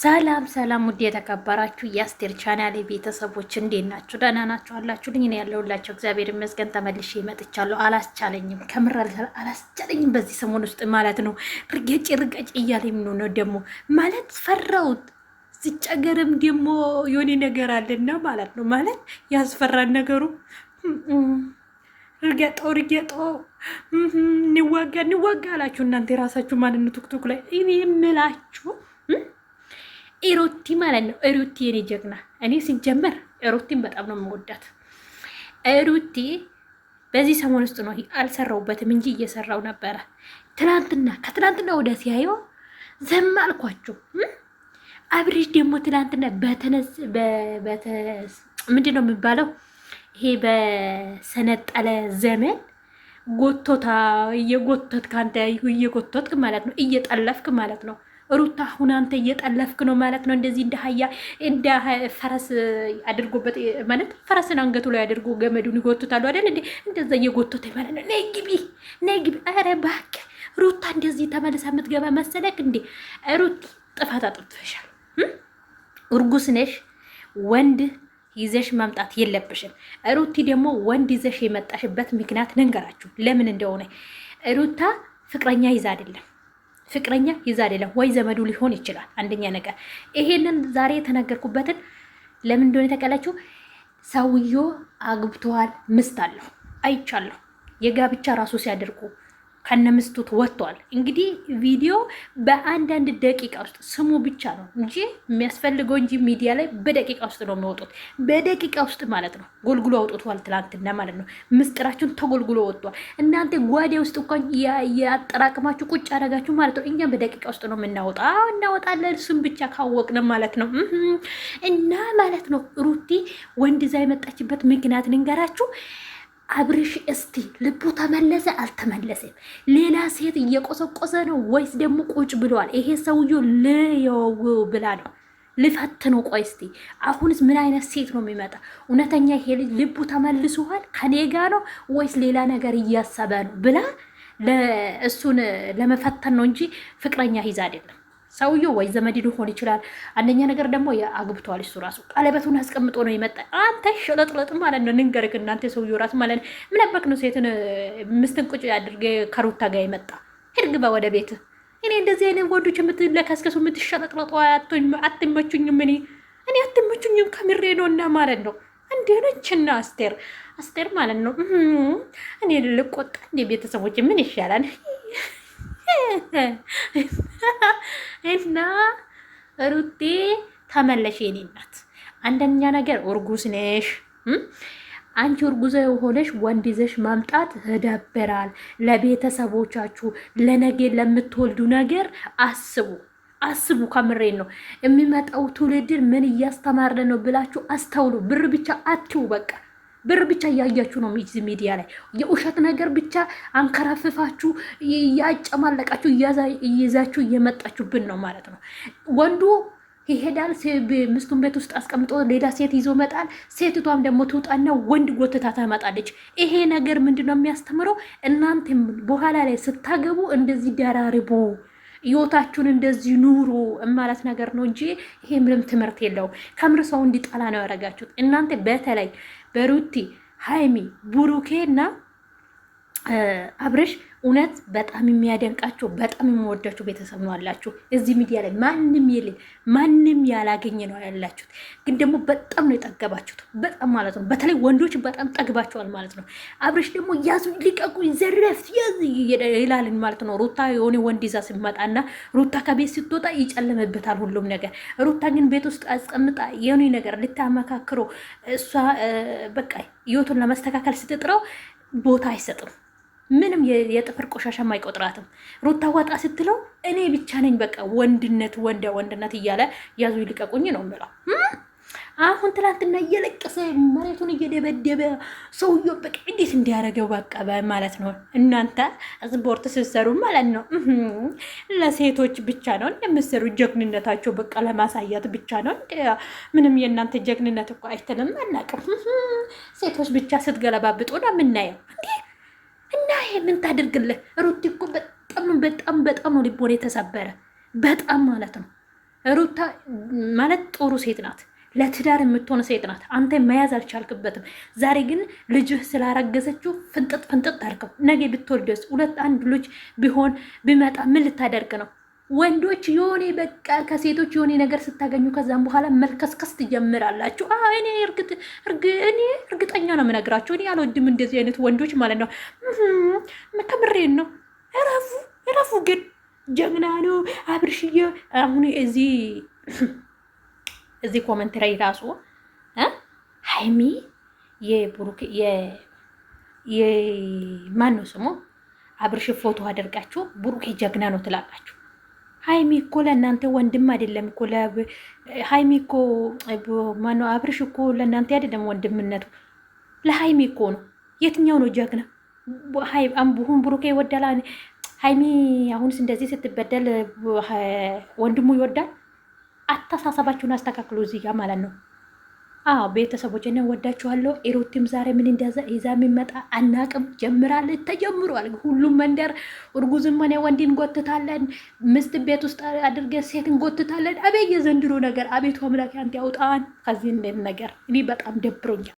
ሰላም ሰላም፣ ውድ የተከበራችሁ የአስቴር ቻናል ቤተሰቦች እንዴት ናችሁ? ደህና ናችሁ አላችሁ? ልኝ ያለሁላቸው እግዚአብሔር ይመስገን ተመልሼ መጥቻለሁ። አላስቻለኝም፣ ከምር አላስቻለኝም። በዚህ ሰሞን ውስጥ ማለት ነው ርገጭ ርገጭ እያለ የምንሆነ ደግሞ ማለት ፈራሁት። ሲጨገርም ደግሞ የሆነ ነገር አለና ማለት ነው ማለት ያስፈራን ነገሩ እርጌጦ እርጌጦ እንዋጋ እንዋጋ አላችሁ እናንተ የራሳችሁ ማለት ነው ቱክቱክ ላይ እኔ የምላችሁ ኤሮቲ ማለት ነው። ኤሮቲ የኔ ጀግና፣ እኔ ሲጀመር ኤሮቲን በጣም ነው የምወዳት። ኤሮቲ በዚህ ሰሞን ውስጥ ነው አልሰራውበትም እንጂ እየሰራው ነበረ። ትናንትና ከትናንትና ወደ ሲያየው ዘም አልኳቸው አብሬሽ ደግሞ ትናንትና በተነስ ምንድን ነው የሚባለው ይሄ በሰነጠለ ዘመን ጎቶታ እየጎተትክ አንተ እየጎተትክ ማለት ነው እየጠለፍክ ማለት ነው ሩታ አሁን አንተ እየጠለፍክ ነው ማለት ነው። እንደዚህ እንደ አህያ እንደ ፈረስ አድርጎበት ማለት ፈረስን አንገቱ ላይ አድርጎ ገመዱን ይጎቱታሉ አይደል እንዴ? እንደዛ እየጎቱት ማለት ነው። ነይ ግቢ፣ ነይ ግቢ። ኧረ እባክህ ሩታ እንደዚህ ተመልሳ የምትገባ መሰለክ እንዴ? ሩት ጥፋት አጥፍተሻል። እርጉስ ነሽ። ወንድ ይዘሽ መምጣት የለብሽም። ሩቲ ደግሞ ወንድ ይዘሽ የመጣሽበት ምክንያት ልንገራችሁ ለምን እንደሆነ ሩታ ፍቅረኛ ይዛ አይደለም ፍቅረኛ ይዛ አይደለም ወይ ዘመዱ ሊሆን ይችላል። አንደኛ ነገር ይሄንን ዛሬ የተናገርኩበትን ለምን እንደሆነ የተቀላችሁ ሰውዬው አግብተዋል፣ ምስት አለሁ አይቻለሁ። የጋብቻ ራሱ ሲያደርጉ ከነምስቱት ወጥቷል። እንግዲህ ቪዲዮ በአንዳንድ ደቂቃ ውስጥ ስሙ ብቻ ነው እንጂ የሚያስፈልገው እንጂ ሚዲያ ላይ በደቂቃ ውስጥ ነው የሚወጡት። በደቂቃ ውስጥ ማለት ነው ጎልጉሎ አውጥቷል። ትላንትና ማለት ነው ምስጢራችሁን ተጎልጉሎ ወጥቷል። እናንተ ጓዴ ውስጥ እንኳን ያጠራቅማችሁ ቁጭ አደረጋችሁ ማለት ነው። እኛ በደቂቃ ውስጥ ነው የምናወጣ እናወጣለን፣ ስም ብቻ ካወቅን ማለት ነው። እና ማለት ነው ሩቲ ወንድ ዛ የመጣችበት ምክንያት ልንገራችሁ አብርሽ እስቲ ልቡ ተመለሰ አልተመለሰም? ሌላ ሴት እየቆሰቆሰ ነው ወይስ ደግሞ ቁጭ ብለዋል? ይሄ ሰውዬ ልየው ብላ ነው ልፈትኑ። ቆይ እስቲ አሁንስ ምን አይነት ሴት ነው የሚመጣ? እውነተኛ ይሄ ልጅ ልቡ ተመልሶሃል ከኔ ጋ ነው ወይስ ሌላ ነገር እያሰበ ነው ብላ እሱን ለመፈተን ነው እንጂ ፍቅረኛ ይዛ አይደለም። ሰውዬው ወይ ዘመድ ሊሆን ይችላል። አንደኛ ነገር ደግሞ አግብተዋል። እሱ ራሱ ቀለበቱን አስቀምጦ ነው የመጣ። አንተ ሸለጥለጥ ማለት ነው ንንገርክ። እናንተ ሰውዬው ራሱ ማለት ነው ምነበክ ነው ሴትን ምስትን ቁጭ አድርጌ ከሩታ ጋር የመጣ ሄድግባ ወደ ቤት። እኔ እንደዚህ አይነት ወንዶች የምትለከስከሱ የምትሸለጥለጡ አትመቹኝም። እኔ እኔ አትመቹኝም ከምሬ ነው። እና ማለት ነው ነችና አስቴር አስቴር ማለት ነው እኔ ልቆጣ እንደ ቤተሰቦች ምን ይሻላል እና ሩቴ ተመለሽ የኔ እናት። አንደኛ ነገር እርጉዝ ነሽ። አንቺ እርጉዝ የሆነሽ ወንድ ይዘሽ ማምጣት ይደብራል። ለቤተሰቦቻችሁ ለነገ ለምትወልዱ ነገር አስቡ አስቡ። ከምሬን ነው። የሚመጣው ትውልድን ምን እያስተማረ ነው ብላችሁ አስተውሉ። ብር ብቻ አትው በቃ ብር ብቻ እያያችሁ ነው ሚዚ ሚዲያ ላይ የውሸት ነገር ብቻ አንከራፍፋችሁ እያጨማለቃችሁ እይዛችሁ እየመጣችሁብን ነው ማለት ነው። ወንዱ ይሄዳል፣ ምስቱን ቤት ውስጥ አስቀምጦ ሌላ ሴት ይዞ መጣል። ሴትቷም ደግሞ ትውጣና ወንድ ጎትታ ታመጣለች። ይሄ ነገር ምንድነው የሚያስተምረው? እናንተ በኋላ ላይ ስታገቡ እንደዚህ ደራርቡ። ህይወታችሁን እንደዚህ ኑሩ ማለት ነገር ነው እንጂ ይሄ ምንም ትምህርት የለው ከምር ሰው እንዲጠላ ነው ያደረጋችሁት እናንተ በተለይ በሩቲ ሀይሚ ቡሩኬና አብረሽ እውነት በጣም የሚያደንቃቸው በጣም የሚወዳቸው ቤተሰብ ነው ያላችሁ። እዚህ ሚዲያ ላይ ማንም የሌለ ማንም ያላገኘ ነው ያላችሁት። ግን ደግሞ በጣም ነው የጠገባችሁት፣ በጣም ማለት ነው። በተለይ ወንዶች በጣም ጠግባቸዋል ማለት ነው። አብረሽ ደግሞ ያዙ ሊቀቁ ይዘረፍ ይላልን ማለት ነው። ሩታ የሆነ ወንድ ይዛ ሲመጣና ሩታ ከቤት ስትወጣ ይጨለምበታል ሁሉም ነገር። ሩታ ግን ቤት ውስጥ አስቀምጣ የሆነ ነገር ልታመካክሮ እሷ በቃ ህይወቱን ለመስተካከል ስትጥረው ቦታ አይሰጥም። ምንም የጥፍር ቆሻሻ አይቆጥራትም። ሩታ ዋጣ ስትለው እኔ ብቻ ነኝ በቃ ወንድነት ወንደ ወንድነት እያለ ያዙ ይልቀቁኝ ነው የምለው። አሁን ትላንትና እየለቀሰ መሬቱን እየደበደበ ሰውየ በቃ እንዴት እንዲያደርገው በቃ ማለት ነው። እናንተ ስፖርት ስትሰሩ ማለት ነው ለሴቶች ብቻ ነው እንደምትሰሩ ጀግንነታቸው በቃ ለማሳያት ብቻ ነው። ምንም የእናንተ ጀግንነት እኮ አይተንም አናውቅም። ሴቶች ብቻ ስትገለባብጡ ነው የምናየው። እና ይሄ ምን ታደርግልህ ሩቲ እኮ በጣም በጣም በጣም ነው ልቦና የተሰበረ በጣም ማለት ነው። ሩታ ማለት ጥሩ ሴት ናት፣ ለትዳር የምትሆነ ሴት ናት። አንተ መያዝ አልቻልክበትም። ዛሬ ግን ልጅህ ስላረገዘችው ፍንጥጥ ፍንጥጥ አድርገው ነገ ብትወልደስ ሁለት አንድ ልጅ ቢሆን ቢመጣ ምን ልታደርግ ነው? ወንዶች የሆኔ በቃ ከሴቶች የሆኔ ነገር ስታገኙ ከዛም በኋላ መልከስከስ ትጀምራላችሁ። እኔ እኔ እርግጠኛ ነው የምነግራቸው። እኔ አልወድም እንደዚህ አይነት ወንዶች ማለት ነው። ከምሬን ነው። እረፉ እረፉ። ግን ጀግና ነው አብርሽዬ። አሁን እዚህ እዚህ ኮመንት ላይ ራሱ ሀይሚ የማን ነው ስሙ አብርሽ ፎቶ አደርጋችሁ ቡሩኬ ጀግና ነው ትላላችሁ። ሀይሚ እኮ ለእናንተ ወንድም አይደለም እኮ ሀይሚ እኮ ማነው አብርሽ እኮ ለእናንተ አይደለም ወንድምነቱ ለሀይሚ እኮ ነው። የትኛው ነው ጀግና? አምቡሁን ብሩኬ ይወዳል ሀይሚ አሁንስ እንደዚህ ስትበደል ወንድሙ ይወዳል። አተሳሰባችሁን አስተካክሉ እዚህ ጋር ማለት ነው። አዎ ቤተሰቦች እኔ ወዳችኋለሁ። ኤሮቲም ዛሬ ምን እንደዛ ይዛ የሚመጣ አናቅም። ጀምራለች፣ ተጀምሯል። ሁሉም መንደር እርጉዝም ሆነ ወንድን እንጎትታለን፣ ምስት ቤት ውስጥ አድርገ ሴት እንጎትታለን። አቤት የዘንድሮ ነገር! አቤቱ አምላክ አንተ ያውጣን ከዚህ ነገር። እኔ በጣም ደብሮኛል።